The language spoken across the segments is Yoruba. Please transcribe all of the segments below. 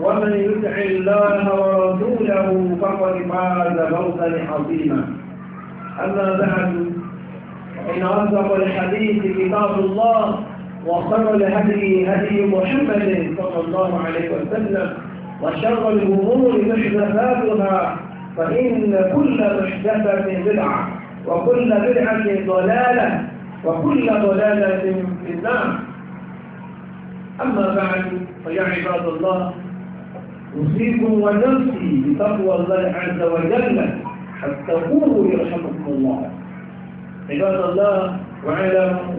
ومن يطع الله ورسوله فقد فاز فوزا عظيما اما بعد فان اصدق الحديث كتاب الله وخير الهدي هدي محمد صلى الله عليه وسلم وشر الامور محدثاتها فان كل محدثه بدعه وكل بدعه ضلاله وكل ضلاله في النار اما بعد فيا عباد الله أوصيكم ونفسي بتقوى الله عز وجل حتى قولوا يرحمكم الله عباد الله واعلموا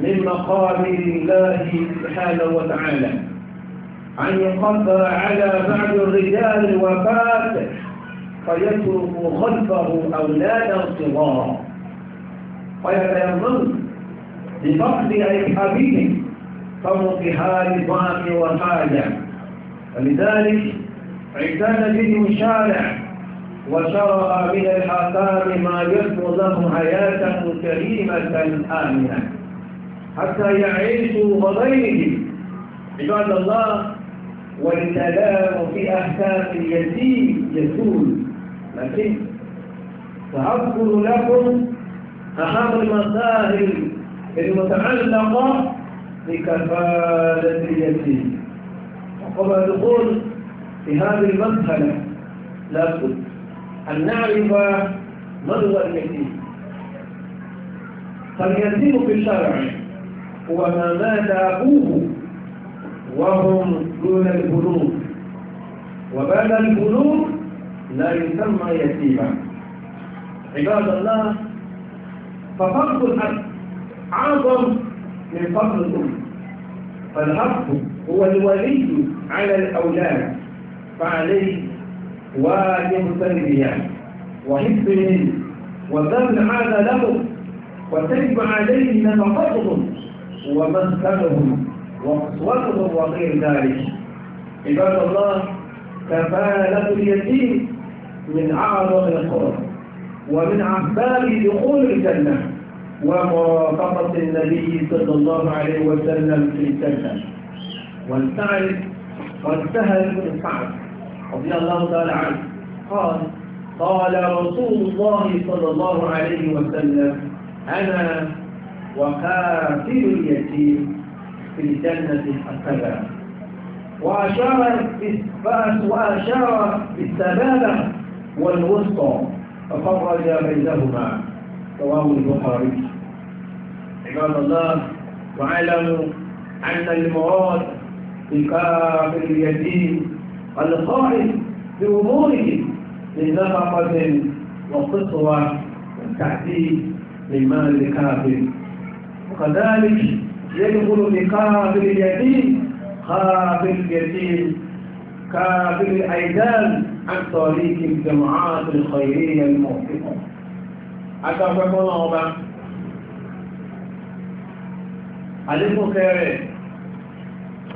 من مقابل الله سبحانه وتعالى أن يقدر على بعض الرجال الوفاة فيترك خلفه أولادا صغارا ويتيمم بفقد أصحابهم فهم في حال وحاجة ولذلك اعتاد به شارع وشرع من الحكام ما يثبت لهم حياة كريمة آمنة حتى يعيشوا بغيره عباد الله والكلام في أحكام اليتيم يسود لكن سأذكر لكم أهم المسائل المتعلقة بكفالة اليتيم قبل الدخول في هذه المسألة لابد أن نعرف من هو اليتيم فاليتيم في الشرع هو ما مات أبوه وهم دون البلوغ وبعد البلوغ لا يسمى يتيما عباد الله ففرض الأب أعظم من فرض الأم فالأب هو الولي على الأولاد فعليه واجب تربية وحفظهم وذل هذا له وتجب عليه نفقتهم ومسكنهم وقصوتهم وغير ذلك عباد الله كفالة اليتيم من أعظم القرب ومن أسباب دخول الجنة ومرافقة النبي صلى الله عليه وسلم في الجنة ولتعرف قال سهل بن سعد رضي الله تعالى عنه قال قال رسول الله صلى الله عليه وسلم أنا وقاتل اليتيم في الجنة السبابة وأشار وأشار بالسبابة والوسطى ففرج بينهما رواه البخاري عباد الله واعلموا أن المراد الكافر اليتيم الخائف بأموره من نفقة وقطوة والتعذيب من مال الكافر وكذلك يدخل بكافر اليتيم كافر اليتيم كافر الأيدان عن طريق الجماعات الخيرية الموفقة أتفقنا هنا عليكم خيرين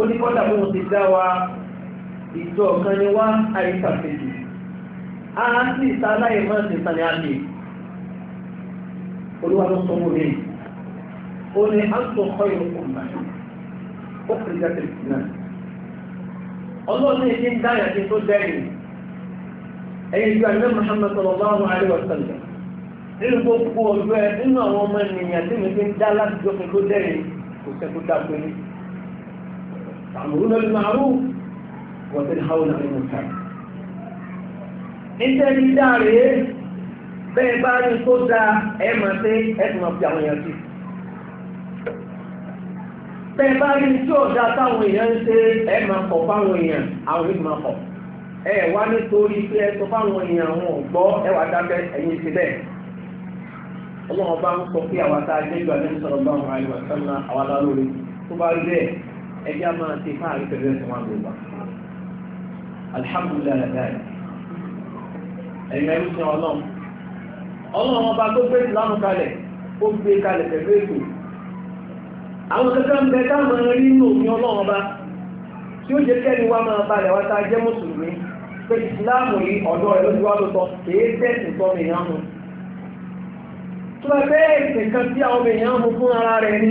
ó ní kọ́dà bó ti dá wa ìjọ ni wá a sì ta láì mọ́ sí sani àmì olúwa ló ó ní a sọ kọ́ ó kiri jáde nínú gbogbo ọjọ́ nínú àwọn ọmọ ènìyàn tí mi fi ń dá láti tó kò dá pé تعملون بالمعروف وتنهون عن المنكر انت ní dáre bẹ́ẹ̀ bá ní tó dáa ẹ máa ṣe ẹ̀sùn máa fi àwọn èèyàn sí bẹ́ẹ̀ bá ní tí ò dáa táwọn èèyàn ń ṣe ẹ máa kọ̀ fáwọn èèyàn àwọn èèyàn máa kọ̀ ẹ wá nítorí pé ẹ sọ fáwọn èèyàn wọn ò gbọ́ ẹ wá dábẹ́ ẹ̀yìn ti bẹ́ẹ̀ ọlọ́run bá ń sọ pé àwa tá a jẹ́ ìgbà lẹ́nu sọ̀rọ̀ bá wọn àìwà sẹ́nu àwa lálórí tó bá rí bẹ́ẹ̀ ẹjẹ́ a máa ti fáàrí pẹ̀lú ẹ̀sùn wa lóba alhamdulilayi láì ẹ̀yìn ẹ̀rú sí ọlọ́run ọlọ́run ọba tó gbé ìlànà kalẹ̀ ó gbé kalẹ̀ pẹ̀lú ètò àwọn kankan bẹ táwọn rí nínú òfin ọlọ́run ọba tí ó jẹ́ kẹ́ni wá máa balẹ̀ wá tá a jẹ́ mùsùlùmí pé ìsìláàmù yìí ọ̀dọ́ ẹ̀ lójú wa ló sọ èé tẹ̀sìn tọ́ mi yàn mú tó bá bẹ́ẹ̀ ìsìn kan tí àwọn èèyàn mú fún ara rẹ̀ ni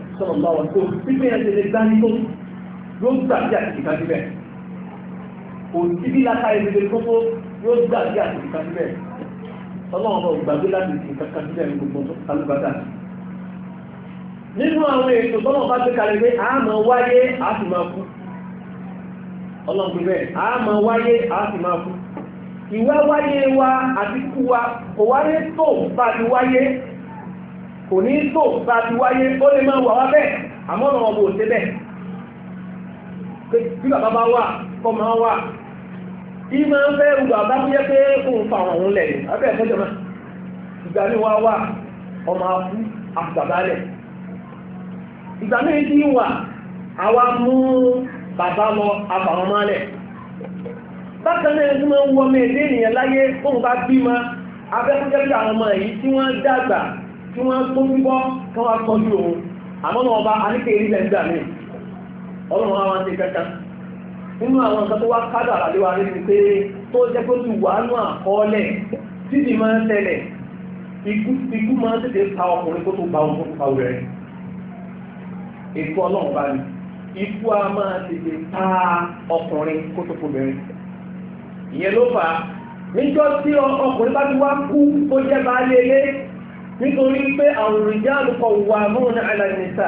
sọ̀rọ̀ bá wọn tó pípẹ́ ẹ̀ṣẹ̀ lè dání tó yóò gbà bí àtìkà síbẹ̀ òtí bí láta ìrìnlẹ̀ kókó yóò gbà bí àtìkà síbẹ̀ ọlọ́run náà gbàgbé láti ìsìn kankan síbẹ̀ ní gbogbo alùbádà nínú àwọn ètò tọ́lọ̀ bá gbé kalẹ̀ pé a máa wáyé a sì máa kú ọlọ́run a máa wáyé a sì máa kú ìwá wáyé wa àti kú wa kò wáyé tó bá ti wáyé kò ní tó bá ti wáyé ó lè máa wà wá bẹ́ẹ̀ àmọ́ ọ̀nà ọ̀bọ̀ bàbá bá wà kọ́ máa wà kí máa ń fẹ́ rúgbà bá tó yẹ pé òun fa àwọn òun abẹ́ wà ń wọ́n mẹ́rin ènìyàn láyé bá bí ma abẹ́kúnjẹ́ bí àwọn ọmọ tí wọ́n tó bíbọ́ kán wá tọ́jú ọba aníkè ilẹ̀ ń gbà ọlọ́run wá ń ṣe nínú àwọn nǹkan tó wá kádà àlàlé rí ni pé tó jẹ́ pé ti wà nù àkọọ́lẹ̀ títí máa ń ikú máa ń tètè pa ọkùnrin kó tó ohun tó rẹ̀ ikú ọlọ́run bá ní ikú a máa tètè pa ọkùnrin kó tó ìyẹn ló fà á níjọ́ tí ọkùnrin bá ti wá kú jẹ́ nítorí pé àwọn ìjáàlù kọ wà mún àlànìsà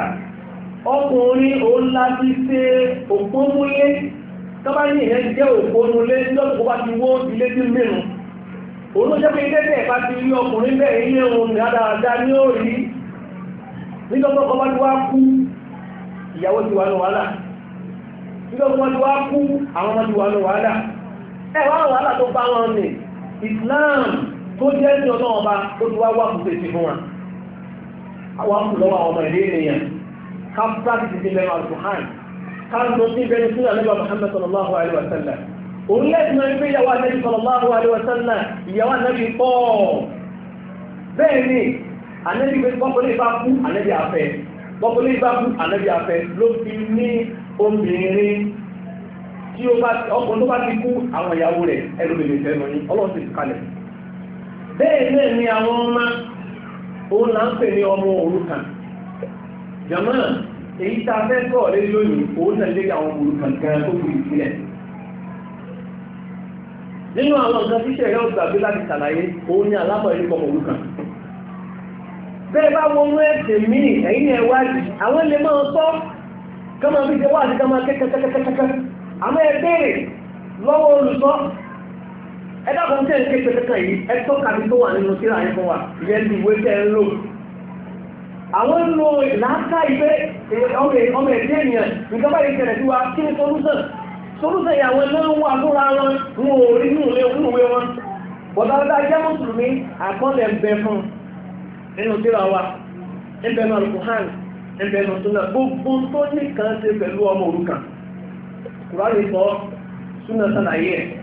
ọkùnrin òun láti ṣe òpómúlé tọ́bá ní ìyẹn jẹ́ òpómúlé bá ti wó ilé tí mìíràn òun pé ilé bá ti rí ọkùnrin bẹ́ẹ̀ ilé òun dáadáa ní ó rí bá ti wá kú ìyàwó ti wà ní tó jẹ́ ní ọ̀nà ọba ó ti wá wà fún pèsè fún wa àwọn akùnlọ́wọ́ àwọn ọmọ ìlú ènìyàn ká pàtìsì ti bẹ̀rẹ̀ alùpùhàn ká lọ sí ìbẹ̀rẹ̀ sí àlẹ́bà Muhammad sallallahu alaihi wa orílẹ̀-èdè náà yàwó sallallahu alaihi ìyàwó pọ̀ bẹ́ẹ̀ ni pé kú afẹ́ kú afẹ́ ló fi ní obìnrin tí ọkùnrin tó bá ti kú àwọn ìyàwó rẹ̀ ẹlòmìnir bẹ́ẹ̀ náà ni àwọn ọmọ òun là ń pè ní ọmọ òrukàn jọmọ́ èyí tá a fẹ́ sọ̀rọ̀ lé lónìí òun náà lé àwọn òrukàn gan tó fi ìpìlẹ̀ nínú àwọn nǹkan tí ṣẹ̀rẹ́ ògbàgbé láti ṣàlàyé òun ni bẹ́ẹ̀ bá wọn mú ẹ̀sẹ̀ ẹ̀yìn àwọn máa kọ́mọ ẹ̀dàkùn tẹ́ ń ké pẹ̀lẹ́kàn yìí ẹ̀tọ́ kàbí tó wà nínú síra yìí fún wa ìyẹn ní ìwé tẹ́ ń lò àwọn ń lo ìlàáta ìgbé ọmọ ẹ̀dẹ́ ènìyàn ìjọba yìí tẹ̀lẹ̀ sí wa kí ni solúsàn solúsàn yìí àwọn náà ń wà lóra wọn ń wò orí nínú ilé òkú ìwé wọn bọ̀dá bá jẹ́ mùsùlùmí àkọọ́lẹ̀ ń bẹ fún nínú síra wa ń bẹ nù alukuhan ń bẹ nù súnà gbogbo tó ní kan ṣe pẹ̀lú ọmọ òrukàn kùrọ̀ àlè sọ súnà sàlàyé ẹ̀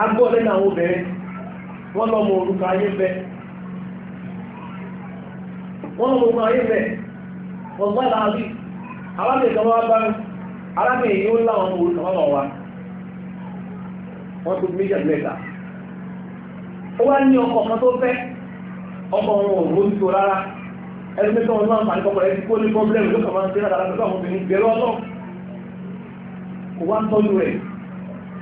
agbọ́ lẹ́nu àwọn obìnrin wọ́n lọ mọ orúkọ ayé bẹ́ wọ́n lọ mọ orúkọ ayé bẹ́ wọ́n gbọ́ ìlànà bí alábìnrin kan wá bá alábìnrin yóò láwọn ọmọ orúkọ wọn wá wọ́n tó méjì ó wá ní ọkọ̀ tó fẹ́ wọn ò tó rárá ẹni wọn máa ń pàdé kó ní pọ́blẹ́mù ló máa ń pẹ̀lú àwọn obìnrin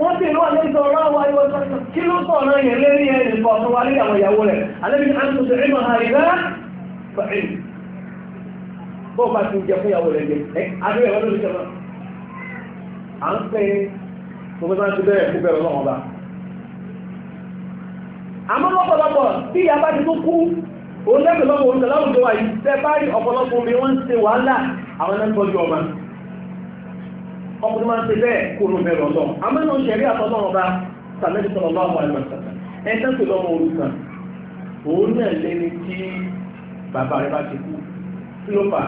wọ́n sì náà ní sọ ọ̀rọ̀ àwọn ayéwọ́ sọ́kọ̀ kí ló sọ ọ̀rọ̀ yẹn lérí ẹ̀ nìkan tó wá nílẹ̀ àwọn ìyàwó rẹ̀ alẹ́bí ní àti sọ̀rọ̀ ìmọ̀ àìrá pẹ̀lú bó bá ti jẹ fún ìyàwó rẹ̀ jẹ ẹ adúlẹ̀ wọn ló ti jẹun à ń pè é gbogbo máa ti bẹ̀rẹ̀ fún bẹ̀rẹ̀ lọ́wọ́ bá àmọ́ lọ́pọ̀lọpọ̀ tí ìyá bá ti tó kú òun lẹ́gbẹ̀ẹ́ lọ́wọ́ òun tẹ̀láwùjọ wà yìí tẹ́ bá rí ọ̀pọ̀lọpọ̀ omi wọ́n ń ṣe wàhálà àwọn ẹni tọ́jú ọmọ ọkùnrin máa ń ṣe bẹ́ẹ̀ kó ló bẹ̀rẹ̀ ọ̀dọ́ àmọ́ náà ṣẹ̀rí àtọ́lọ́run bá sàmẹ́lì sọ̀rọ̀ bá wà lọ sàkà ẹ̀ńtẹ́ tó lọ́mọ olùkàn òun náà lẹ́ni tí bàbá rẹ̀ bá ti kú kí ló fà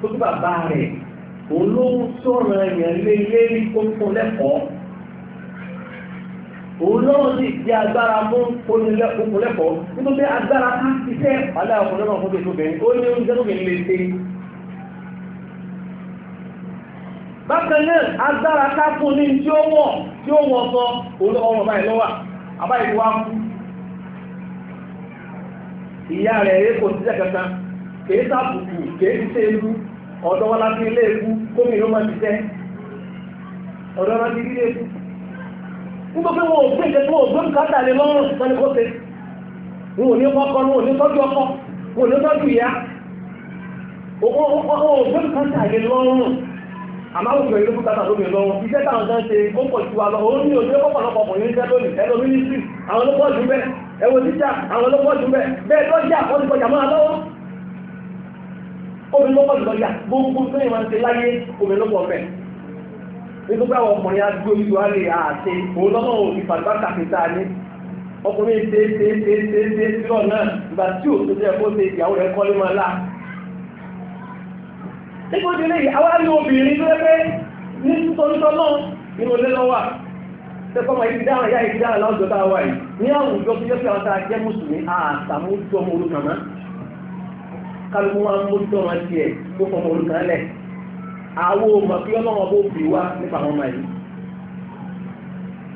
tó tó bàbá rẹ̀ òun ló ń sọ̀rọ̀ ẹ̀yàn lé lérí kókó lẹ́kọ̀ọ́ òun náà sì di agbára fún kókó lẹ́kọ̀ọ́ nítorí agbára ká ti fẹ́ pàdé bákan na agbára ká fún ní tí ó wọ̀ tí ó wọ̀ sọ ọmọ báyìí kú ìyá rẹ̀ kò sí ẹ̀kẹta kèé sàbùkù kèé ti ṣe ewu ọ̀dọ́ ilé ewu máa ti jẹ́ ọ̀dọ́ wọn ilé ewu àmáwùjọ ilé bùkátà lómi lọ́wọ́ iṣẹ́ táwọn tán ṣe ó pọ̀ jù wa lọ òun ní òní ọ̀pọ̀lọpọ̀ ọkùnrin iṣẹ́ lónìí ẹlò mínísírì àwọn olópọ̀ jù bẹ́ẹ̀ ẹwọ jíjà àwọn olópọ̀ jù bẹ́ẹ̀ bẹ́ẹ̀ lọ́jà wọ́n ti kọjá máa lọ́wọ́ omi lọ́pọ̀ lọ́jà gbogbo tó yẹ máa ń ṣe láyé omi lọ́pọ̀ bẹ́ẹ̀ nítorí àwọn ọkùnrin adúgbò yìí wá lè àṣe òun lọ́mọ òbí pàtó àkàkìtà ni ọkùnrin ṣe ṣe ṣe ṣe ṣe ṣe ṣe náà ìgbà tí òṣèlú ẹ̀kọ́ ṣe ìyàwó rẹ̀ kọ́lé máa láà nígbòjú lè yí àwọn àrí obìnrin tó rẹ́ ní títọ́nítọ́ náà nínú ilé lọ́wà tẹ́kọ́mọ ìdáhùn ìyá ìdáhùn láwùjọ tá a wà yìí ní àwùjọ tó yẹ kí àwọn tá a jẹ́ mùsùlùmí àtàmójú ọmọ olùkàn mọ́ kálukú wa ń mójú ọmọ tiẹ̀ tó fọmọ olùkàn lẹ̀ àwọn ọmọ kí ọlọ́wọ́ bó fi wá nípa àwọn ọmọ yìí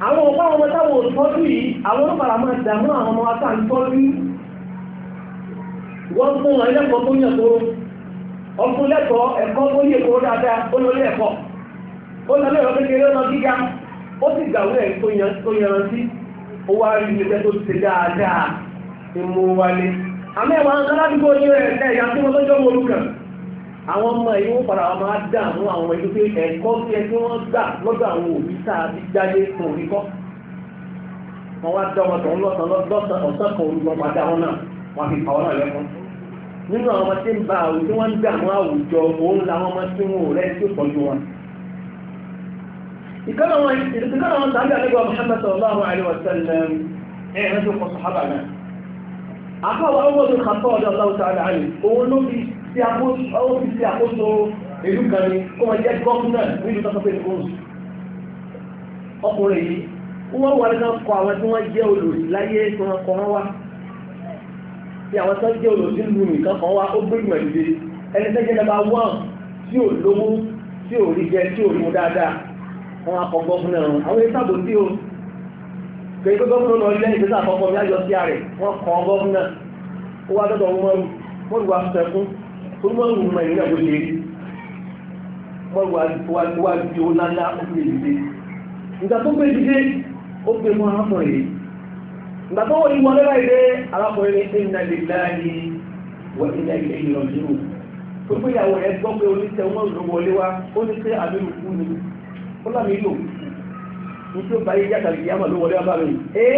àwọn ọ̀pá ọmọ táwọn òtọ́jú yìí àwọn ọlọ́pàá máa dàmú àwọn ọmọ wa tá à ń tọ́jú wọ́n fún wọn ẹlẹ́kọ̀ọ́ tó yàn tó ọdún lẹ́kọ̀ọ́ ẹ̀kọ́ tó ní èkó dáadáa ó lọ lé ẹ̀kọ́ ó lọ lẹ́rọ kékeré ọmọ gíga ó sì gbàwé ẹ̀ tó yanrantí ó wá rí ilé tó ti dáadáa ìmú wálé àmì ẹ̀wà ń sára dúgbò ní ẹ̀yà tí wọ́n lọ́jọ́ mọ́lú kan àwọn ọmọ yìí wọ́n padà máa dà mú àwọn ẹni pé ẹ̀kọ́ tí ẹ tí wọ́n gbà lọ́dọ̀ àwọn òbí sáà bí jáde fún orí kọ́ wọ́n wá dá wọn tọ̀ ń lọ́sàn lọ́sàn ọ̀sán kan orúkọ padà wọn náà wọ́n fi pa náà lẹ́kọ̀ọ́ nínú àwọn ọmọ tí ń ba àwùjọ tí wọ́n ń dààmú àwùjọ òun làwọn ọmọ tí wọn ò rẹ́ tí ó tọ́jú wọn. ìkọ́nà wọn ìkọ́nà wọn tàbí àlẹ́gbọ́ Muhammad sallallahu alaihi wa sallam ẹ̀ ẹ̀ tó kọ sàhábà náà. àkọ́wọ́ ọwọ́ tó kà tọ́ ọ̀dọ̀ ọlọ́wọ́ sàhábà rẹ̀ òun ló fi sí àkóso ìlú kan ní kó wọn jẹ́ gọ́fúnà nílùú tó sọ́kọ́ ọkùnrin yìí wọ́n wọlé náà kọ tí àwọn tó ń jẹ́ olóòtú lu nìkan kan wá ó gbégbé ìdílé ẹni tẹ́jẹ́ nọmba wọ́n tí ò lówó tí ò rí jẹ tí ò mú dáadáa wọn akọgbọ́ fún ẹ̀rọ àwọn èyí sábò tí o kèé pé gómìnà lọ ilé ìgbésẹ̀ àkọ́kọ́ mi ayọ̀ sí ààrẹ wọn kọ́ ọgbọ́ fún náà ó wá dọ́dọ̀ mọ́rù mọ́rù wa sẹ́kún tó mọ́rù mọ́ ìrìnà kò lè rí mọ́rù wa ju owó ńláńlá ó fi lè dìde ìgbà tó gbé dìde ó gbé mọ́ àmọ́ yìí ìgbà tó wọ́n yí wọn lọ́la ìdè alákùnrin ní inna lillahi wa inna ilayhi raji'un tó pé ìyàwó rẹ̀ gbọ́ pé oníṣẹ́ wọn ló wọlé wá ó ní pé àmì ìlú ni ó lámì ìlú ní tí ó bá yé yàtà lè yàmà ló wọlé wá bá mi ẹ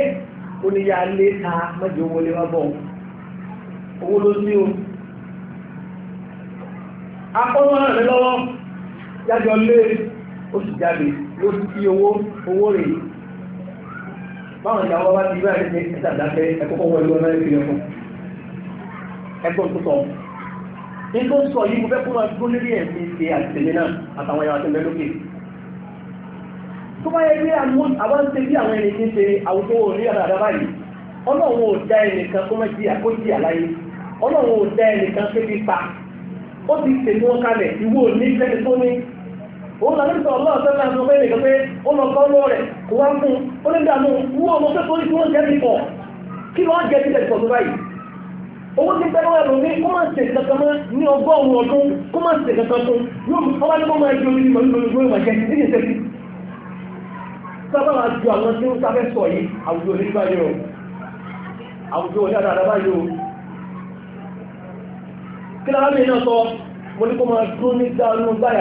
ó ní yà á lé ta mẹ́jọ wọlé wá bọ̀ owó ló ní o akọ́wọ́ rẹ̀ lọ́wọ́ yájọ lé oṣù jáde ló ti owó owó rèé báwọn ìyàwó bá ti bẹ́ẹ̀ ní ìsàdáfẹ́ ẹ̀kọ́kọ́ wọ ìlú ọlọ́rin ìpínlẹ̀ fún ẹgbọ́n tó sọ ní tó sọ yìí mo fẹ́ kó máa dúró lórí ẹ̀mí ṣe àtìlẹ́mí náà àtàwọn ìyàwó àtìlẹ́ lókè tó bá yẹ pé àwọn ń ṣe bí àwọn ẹni tí ń ṣe àwùjọ orí àdàdà báyìí ọlọ́run ò dá ẹnìkan kó má jìyà kó jìyà láyé ọlọ́run ò dá ẹnìkan pé bí pa ó ti tèmi wọn kalẹ̀ ìwọ ò ní sẹ́ni tó ní òun lọ nípa ọlọ́ ọ̀sẹ́lá tó fẹ́ nìkan pé ó lọ kọ́ lọ́wọ́ rẹ̀ kó wá fún ó ní dànù wú ọmọ pé torí tí wọ́n jẹ́ ti pọ̀ kí lọ́ọ́ jẹ́ tilẹ̀ pọ̀ tó báyìí owó ti bẹ́ẹ̀ wà lómi kó máa ṣe kankan mọ́ ní ọgọ́rùn-ún ọdún kó máa ṣe kankan tó yóò wá ní kó máa jẹ orí ìmọ̀ nínú ìgbóhùn ìmọ̀ jẹ́ ní ìṣẹ́jú sábà máa ju àwọn tí ó sábẹ́ sọ yìí àwùjọ onígbà yìí o àwùjọ onígbà báyìí o kí lára mi náà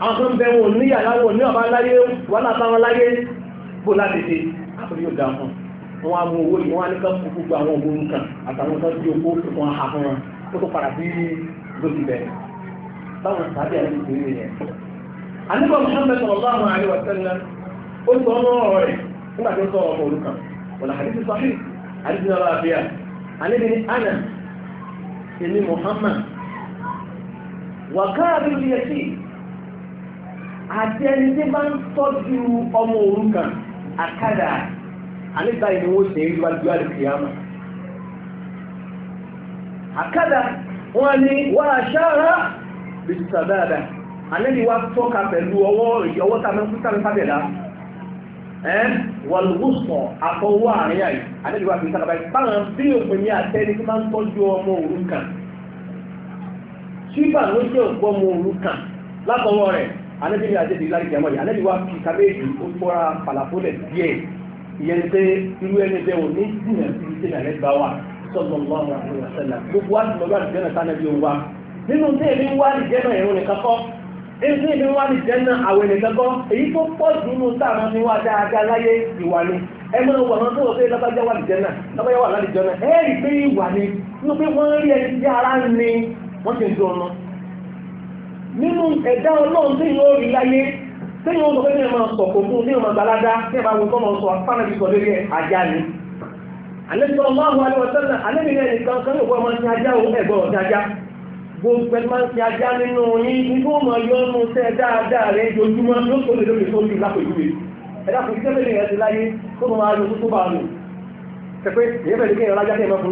àwọn tó ń bẹ wọn ní àyàwó ní ọba láyé wà látàwọn láyé bó láti ṣe àpò yóò dá fún wọn á mú owó yìí wọn á ní ká kú gbogbo àwọn ògbó nǹkan àtàwọn tó ti okó wọn hà fún wọn ó tó padà sí ló ti bẹ̀rẹ̀ báwọn sábẹ́ àti ìgbéyìí yẹn. àníbọ̀ Muhammad sallallahu alaihi wa sallam ó àti ẹni tí bá ń tọ́jú ọmọ òrukàn àkàdà àníbà ìní wọ́n ṣe ń gbájú àlùkìyàmà àkàdà wọ́n ní wọ́n aṣáára bí a. àníbi wá tọ́ka pẹ̀lú ọwọ́ ìyọwọ́ tàbí pítàmì pàtẹ̀lá wàlúwùsọ̀ àfọwọ́ àárín àyè àníbi wá fi sára báwọn bí òpin ní àtẹ́ni tí ń tọ́jú ọmọ kan. ló òpó ọmọ kan. rẹ̀ anẹ́bí ní àjẹ́ ìlàrí ìjàmọ́ yìí anẹ́bí wá fi kàméjì ó fọ́ra pàlàfólẹ̀ díẹ̀ ìyẹn pé irú ẹni bẹ́ẹ̀ ò ní jìnà sí iṣẹ́ ìlànà ẹgbà wa sọ́dọ̀ lọ́wọ́ àwọn àwọn àṣẹlẹ̀ gbogbo wa ti lọ́gbà ìjẹ́nà sánẹ́bí wa nínú tí èmi wá ní jẹ́nà ẹ̀rùn nìkan kọ́ èyí tí èmi wá ní jẹ́nà àwẹ̀ nìkan kọ́ èyí tó pọ̀ jù nínú táwọn mi wá dáadáa láyé ìwà ni ẹ máa wà wọn tó wọ́n pé lọ́bàjá wà ní jẹ́nà lọ́bàjá wà láti jẹ́nà ẹ̀ẹ́rì pé ìwà ni wọ́n pé wọ́n rí ẹni tí ara ni wọ́n ti ń dún ọmọ nínú ẹ̀dá ọlọ́run tí yóò rí láyé tí yóò lọ fẹ́ máa sọ̀kò fún ní ọmọ gbàládá tí ẹ̀bá wọn tọ́mọ sọ afánàbí sọ lórí ajá ni alẹ́sọ̀ máàmù alẹ́wọ̀sẹ́lẹ̀ alẹ́mìnira nìkan kan yóò máa ti ajá òun ẹ̀gbọ́n ọ̀dá ajá gbogbo ẹ̀ máa ti ajá nínú yín ní kí wọ́n máa yọ ọ́nù tẹ́ dáadáa rẹ̀ ojoojúmọ́ yóò tó lè lórí sórí lápèjúwe ẹ̀dá kò sí ẹ̀mẹ́rin ẹ̀ ti láyé tó máa yọ tó bá lò pẹ̀pẹ́ ìyẹn bẹ̀rẹ̀ kí ẹ̀rọ ajá tẹ̀ máa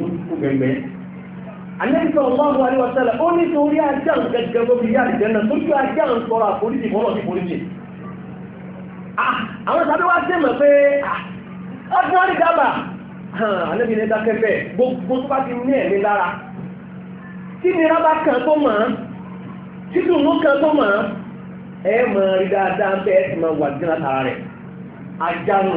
fún kú gbẹ̀gbẹ̀ alẹ́sọ̀ ọlọ́run aléwọ̀sẹ́lẹ̀ ó ní torí ajá ń gẹ́gẹ́ tó fi yá ìjẹ́nà tó ju ajá ń sọ̀rọ̀ àforíjì mọ́nà sí foríjì àwọn sábẹ́ wá sí mọ̀ pé ọdún wọn ní dábà alẹ́bí ní dákẹ́fẹ́ gbogbo tó bá ti ní ẹ̀mí lára tí ni rábà kan tó mọ̀ títù mú kan tó mọ̀ ẹ mọ̀ rí dáadáa bẹ́ẹ̀ sì máa wà ajá nù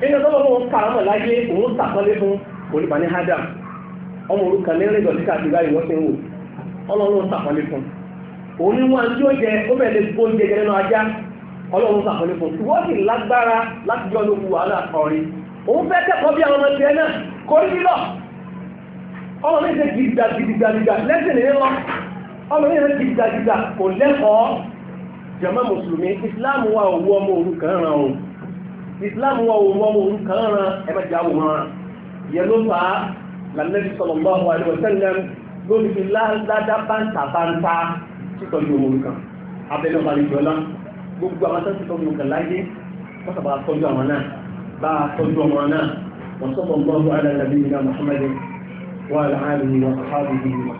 nínú tọ́lọ́ fún òun kàrámọ̀ láyé òun sàkọ́lé fún olùpà ní Adam ọmọ orúkọ ní ẹlẹ́dọ̀ tí káàkiri báyìí wọ́n wò ọlọ́run fún òun ní wọn tí ó jẹ ó bẹ̀rẹ̀ lè gbó oúnjẹ jẹrẹ náà ajá ọlọ́run fún sì lágbára láti jọ wàhálà òun fẹ́ kẹ́kọ̀ọ́ bí àwọn ọmọ náà kó ọmọ mi islam wa òun ọmọ òun kan ran ẹgbẹ́jà òun yẹ ló fà á lànàbí sallallahu alaihi wasallam lórí fi ládá báńtà báńtà títọ́jú òun kan abẹ́lẹ́ ọba lè jọlá gbogbo àwọn tó títọ́jú òun kan láyé wọ́n sábà tọ́jú àwọn náà bá tọ́jú ọmọ náà wọ́n sọ́kọ̀ gbọ́dọ̀ alẹ́ nàbí Muhammad wa ala alihi wa sahbihi wa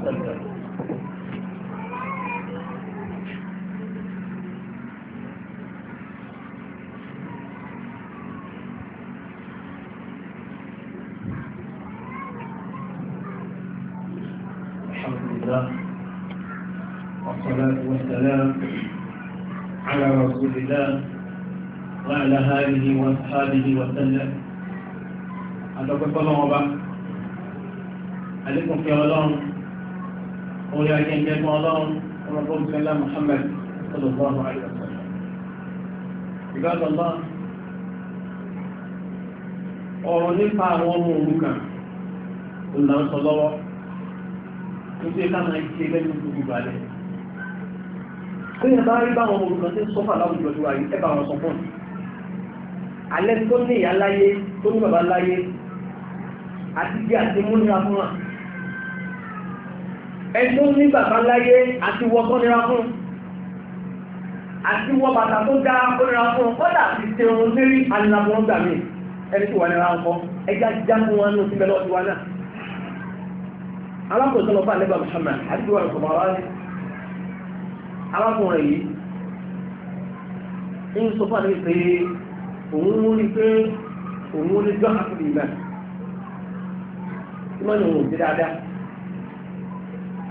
والسلام على رسول الله وعلى آله وأصحابه وسلم أتوقف الله وبا عليكم في الله قولي أكين جاكم الله ونقول بسم الله محمد صلى الله عليه وسلم عباد الله ọ̀rọ̀ nípa àwọn ọmọ òrukàn olùdánsọ lọ́wọ́ tó ṣe ká máa ṣe lẹ́nu gbogbo balẹ̀ pé ẹ bá rí báwọn olùkọ́ tí ń sọ́fà láwùjọ tó wà yìí ẹ bá wọn sọ fún mi alẹ́ tó ní ìyá láyé tó ní bàbá láyé àti bí àti mú nira fún wa ẹ tó ní bàbá láyé àti wọ́ tó nira fún àti wọ́ bàtà tó dá tó nira fún kọ́dà ti ṣe ohun lérí alábọ́n gbà mí ẹni tó wà nira ńkọ ẹjá já fún wa ní òsínbẹ́lẹ́ ọdún wa náà alákòóso lọ bá arákùnrin yìí ń sọ fún àdébí pé òun mú ní pé òun mú ní gbọ́n àkùnrin ìgbà tí wọ́n ní òun ti dáadáa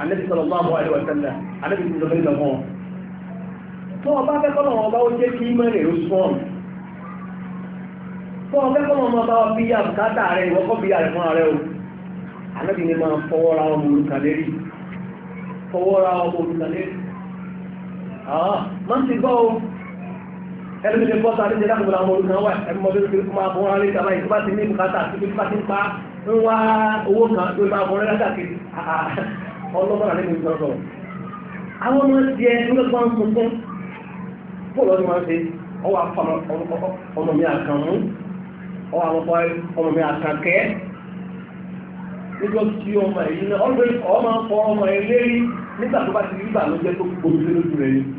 àdébí bá àwọn tó ọba akẹ́kọ̀ọ́ náà ọba ó jẹ́ kí bí rẹ̀ bí fún Ah, máa ń ti gbọ́ o ẹni lè bọ́ sáré jẹ́dá gbogbo àwọn olùkọ́ wà ẹni mọ́ lórí kí máa bọ́ wọn lé kàmá ìgbà tí ní bùkátà tí bá ti ń pa ń wá owó kan tó máa bọ́ rẹ́ látàkiri ah, ah, ọlọ́mọ́ra lẹ́nu ìgbọ́sọ̀ àwọn ọmọ tiẹ̀ ńlọ́gbọ́n tuntun bóòlù ọdún máa ń ṣe ọwọ́ àfọmọ ọmọ mi àkàn mú ọwọ́ àwọn ọmọ mi àkàn kẹ́ níjọ́ tí ọmọ èyí náà ọmọ ọmọ ọmọ ẹlẹ́rìí nígbà tó bá ti rí ìbànújẹ́ tó gbòmìnir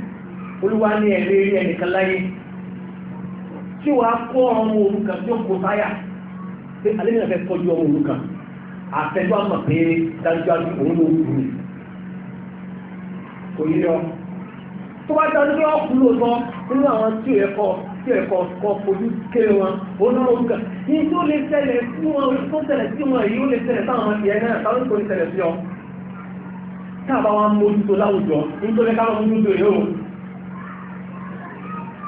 olúwa ní ẹ̀rí rí ẹnìkan láyé tí wàá kọ́ ọmọ òrukàn tí ó kó táyà pé alẹ́ nìyẹn fẹ́ tọ́jú ọmọ òrukàn àfẹ́jọ́ àmọ̀ pé dájúdájú òun ló wù mí kò yíyọ tó bá dájú pé wọ́n kú lóòótọ́ nínú àwọn tí ò yẹ kọ́ tí ò yẹ kọ́ kọ́ fojú kéré wọn òun ló ń kà ní lè ṣẹlẹ̀ sí wọn tó ṣẹlẹ̀ sí wọn èyí ó lè ṣẹlẹ̀ sáwọn ọmọ ìyẹn náà táwọn kò lè sí ọ táàbà wọn mójútó láwùjọ nítorí káwọn mójútó yìí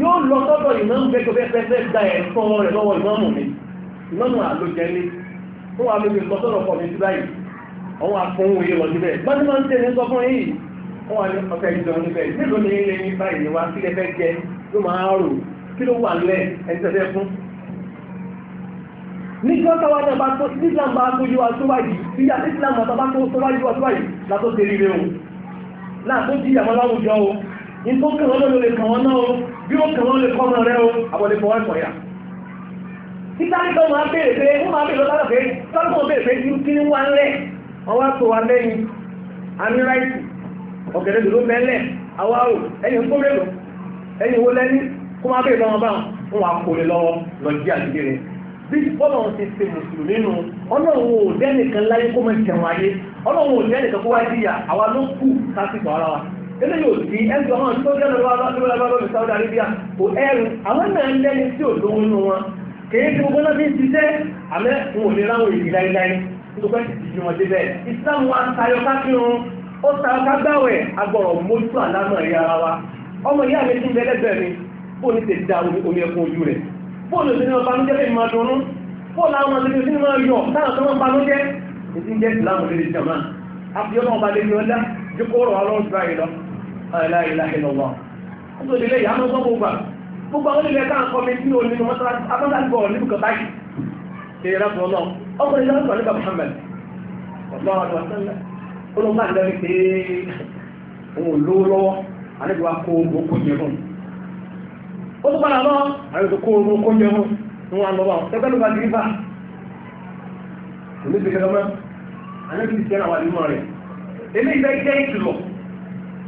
yóò lọ sọ́dọ̀ ìmọ̀mù fẹ́ tó fẹ́ fẹ́ da ẹ̀ sọ rẹ̀ lọ́wọ́ ìmọ̀mù mi ìmọ̀mù àlójẹ́ ní fún wa lóbi lọ sọ́dọ̀ pọ̀ mi sí báyìí ọwọ́ afọ́hún òye lọ síbẹ̀ bọ́dún máa ń tẹ̀lé sọ fún yìí wọ́n wá ní ọ̀fẹ́ ìjọ níbẹ̀ nílò ní ilé ní báyìí wá sílẹ̀ fẹ́ jẹ ló máa ń rò kí ló wà lẹ̀ ẹ̀ tẹ́tẹ́ fún. nígbà táwa náà bá tó islam bá tójú wa tó báyìí bí islam bá tó o látó ní tó kàn wọ́n lè kàn wọ́n náà o bí ó kàn wọ́n lè kọ́ náà rẹ o àbọ̀lẹ̀ fọwọ́ ẹ̀kọ́ yà títà ní tó máa bèèrè pé ó máa bèèrè lọ́tà pé tọ́lùmọ̀ bèèrè pé kí ní wá ń lẹ̀ wọ́n wá tó wá lẹ́yìn aníráìtì ọ̀gẹ̀dẹ̀ dòdó mẹ́lẹ̀ awárò ẹ̀yìn kó mélòó ẹ̀yìn wo lẹ́ni kó máa bèèrè lọ́wọ́ báwọn ń wà kó lè lọ́wọ́ lọ jí àdìgbére bí bọ́lọ̀ ti ṣe mùsùlùmí nù ọlọ́run ò dẹ́nìkan láyé kó máa jẹun ayé ọlọ́run ò dẹ́nìkan kó wá jìyà àwa ló kù sásìkò ara wa ilé yóò sí ẹgbẹ̀ wọn tó jẹ́ lọ́wọ́lọ́wọ́ Saudi Arabia kò ẹrù àwọn náà ń lẹ́ni tí ò lówó nù wọn kìí tí gbogbo náà fi ń ṣiṣẹ́ àmẹ́ wọn ò lè ráwọn èdè láíláí nítorí pé ti jù wọn débẹ̀ Islam wa tayọ kákírun ó tayọ kágbáwẹ̀ agbọ̀rọ̀ mójú àlámọ̀ rí ara wa ọmọ ìyá mi ti ń bẹ́lẹ́gbẹ̀ mi bóòlù ti da omi ẹkùn ojú rẹ̀ bóòlù ti ní ọba lójẹ́ lẹ́yìn máa dunnú bóòlù ń jẹ́ ìsìlámù rọ̀ ọlọ́run ju báyìí lọ aláìláìlọ́wọ́ tó lè yà mọ́ sọ́gbọ́n gbà gbogbo àwọn ilẹ̀ káà kọ́ mi tí ó nínú mọ́sánàgbọ̀ nínú kọ̀tá yìí ṣe yẹra fún ọlọ́ ọkọ̀ ilẹ̀ ọ̀sán nípa Muhammad ọ̀gbọ́n àwọn ọ̀sán náà ó ló máa ń lẹ́rìí pé òun lówó lọ́wọ́ àlejò wa kó owó kó jẹ fún ó tó padà lọ àlejò kó owó kó jẹ fún ní wọn lọ́wọ́ ẹgbẹ́ ló mọ́ àlejò ti sẹ́nà wà nínú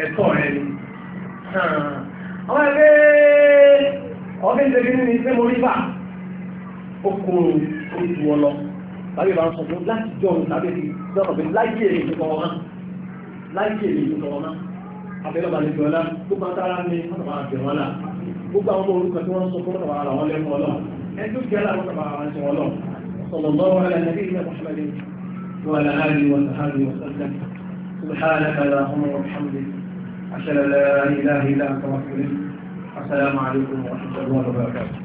ẹ̀tọ́ rẹ̀ ni àwọn ẹgbẹ́ ọdún ìdẹ́gbẹ́ ní pé mo rí bà oko oṣù ọlọ lábẹ́ bá ń sọ fún láti jọ òun lábẹ́ ti dọ́kọ̀ pé láyé èyí tó kọ́ láyé èyí tó kọ́ abẹ́lọ́bà lè jọ ọlá tó bá dára ní ọ̀tọ̀bà àjẹ̀wọ́ ọlá gbogbo àwọn ọmọ orúkọ tí wọ́n sọ fún ọ̀tọ̀bà àwọn lẹ́kọ̀ọ́ ọlọ́ ẹjọ́ jẹ́ láàrọ̀tọ̀bà àwọn àjẹ̀wọ́ ọlọ́ sallallahu ala nabiyyina Muhammadin wa ala alihi wa sahbihi wa sallam subhanaka allahumma wa bihamdika أشهد أن لا إله إلا أنت وحدك السلام عليكم ورحمة الله وبركاته